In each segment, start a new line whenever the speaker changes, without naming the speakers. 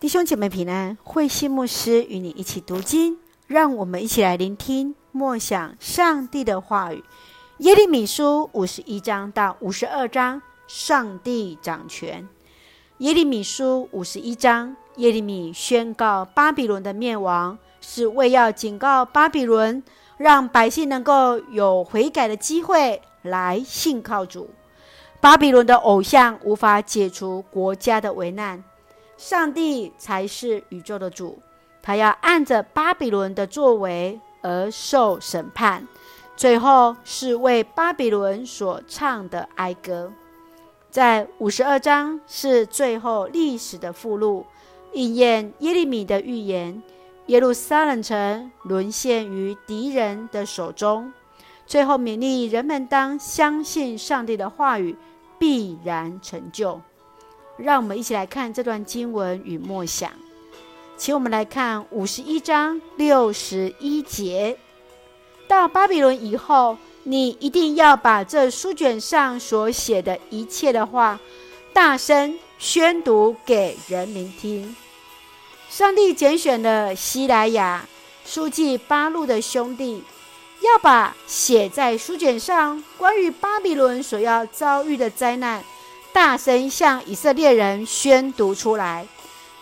弟兄姐妹平安，慧馨牧師與你一起讀經，讓我們一起來聆聽默想上帝的話語。耶利米書五十一章到五十二章，上帝掌權。耶利米書五十一章，耶利米宣告巴比倫的滅亡，是為要警告巴比倫，讓百姓能夠有悔改的機會來信靠主。巴比倫的偶像，無法解除國家的危難。上帝才是宇宙的主，他要按着巴比倫的作為而受審判。最後是為巴比倫所唱的哀歌。在五十二章是最後歷史的附錄，應驗耶利米的預言，耶路撒冷城淪陷於敵人的手中。最後勉勵人們當相信上帝的話語，必然成就。讓我們一起來看這段經文與默想，請我們來看五十一章六十一節。到巴比倫以後，你一定要把這書卷上所寫的一切的話，大聲宣讀給人民聽。上帝揀選了西萊雅，書記巴錄的兄弟，要把寫在書卷上關於巴比倫所要遭遇的災難。大聲向以色列人宣讀出來，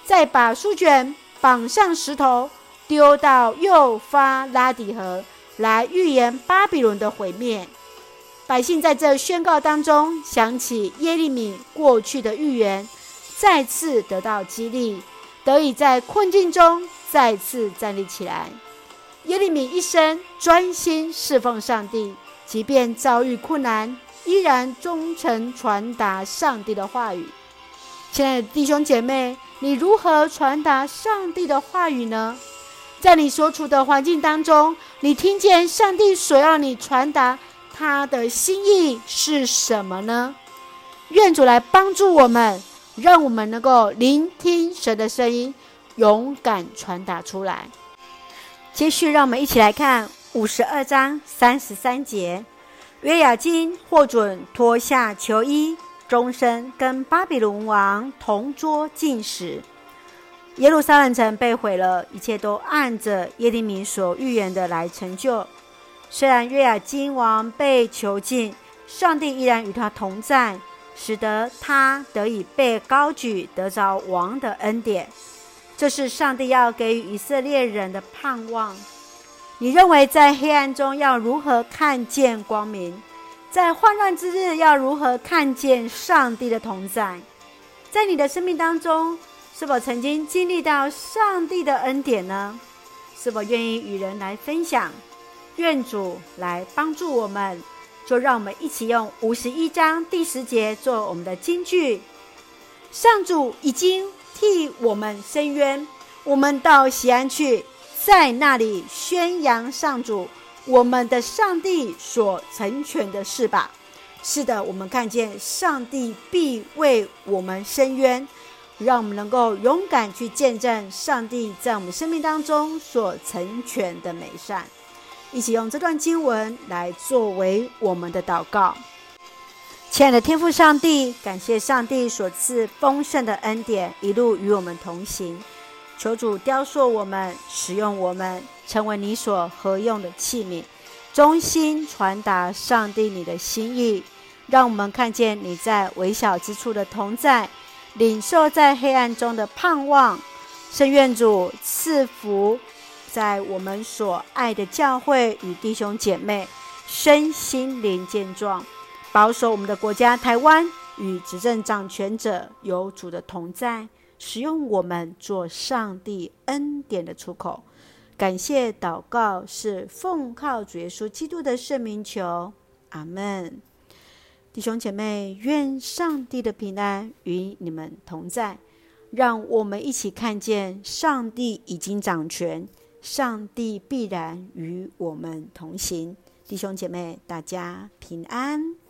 再把書卷綁上石頭，丟到幼發拉底河，來預言巴比倫的毀滅。百姓在這宣告當中，想起耶利米過去的預言，再次得到激勵，得以在困境中再次站立起來。耶利米一生專心侍奉上帝，即便遭遇困難，依然忠誠傳達上帝的話語，親愛的弟兄姐妹，你如何傳達上帝的話語呢？在你所處的環境當中，你聽見上帝所要你傳達他的心意是什麼呢？願主來幫助我們，讓我們能夠聆聽神的聲音，勇敢傳達出來。接續，讓我們一起來看五十二章三十三節。約雅斤獲准脫下囚衣，終生跟巴比倫王同桌進食。耶路撒冷城被毀了，一切都按着耶利米所預言的來成就。雖然約雅斤王被囚禁，上帝依然與他同在，使得他得以被高舉，得着王的恩典。這是上帝要給予以色列人的盼望。你認為在黑暗中要如何看見光明？在患難之日，要如何看見上帝的同在？在你的生命當中，是否曾經經歷到上帝的恩典呢？是否願意與人來分享？願主來幫助我們，就讓我們一起用五十一章第十節做我們的金句。上主已經替我們伸冤，我們到錫安去。在那裡宣揚上主，我們的上帝所成全的事吧。是的，我們看見上帝必為我們伸冤，讓我們能夠勇敢去見證上帝在我們生命當中所成全的美善。一起用這段經文來作為我們的禱告。親愛的天父上帝，感謝上帝所賜豐盛的恩典，一路與我們同行。求主雕塑我們，使用我們，成為你所合用的器皿，衷心傳達上帝你的心意，讓我們看見你在微小之處的同在，領受在黑暗中的盼望。甚願主賜福，在我們所愛的教會與弟兄姐妹身心靈健壯，保守我們的國家台灣與執政掌權者有主的同在。使用我們做上帝恩典的出口，感謝禱告是奉靠主耶穌基督的聖名求，阿門。弟兄姐妹，願上帝的平安與你們同在。讓我們一起看見上帝已經掌權，上帝必然與我們同行。弟兄姐妹，大家平安。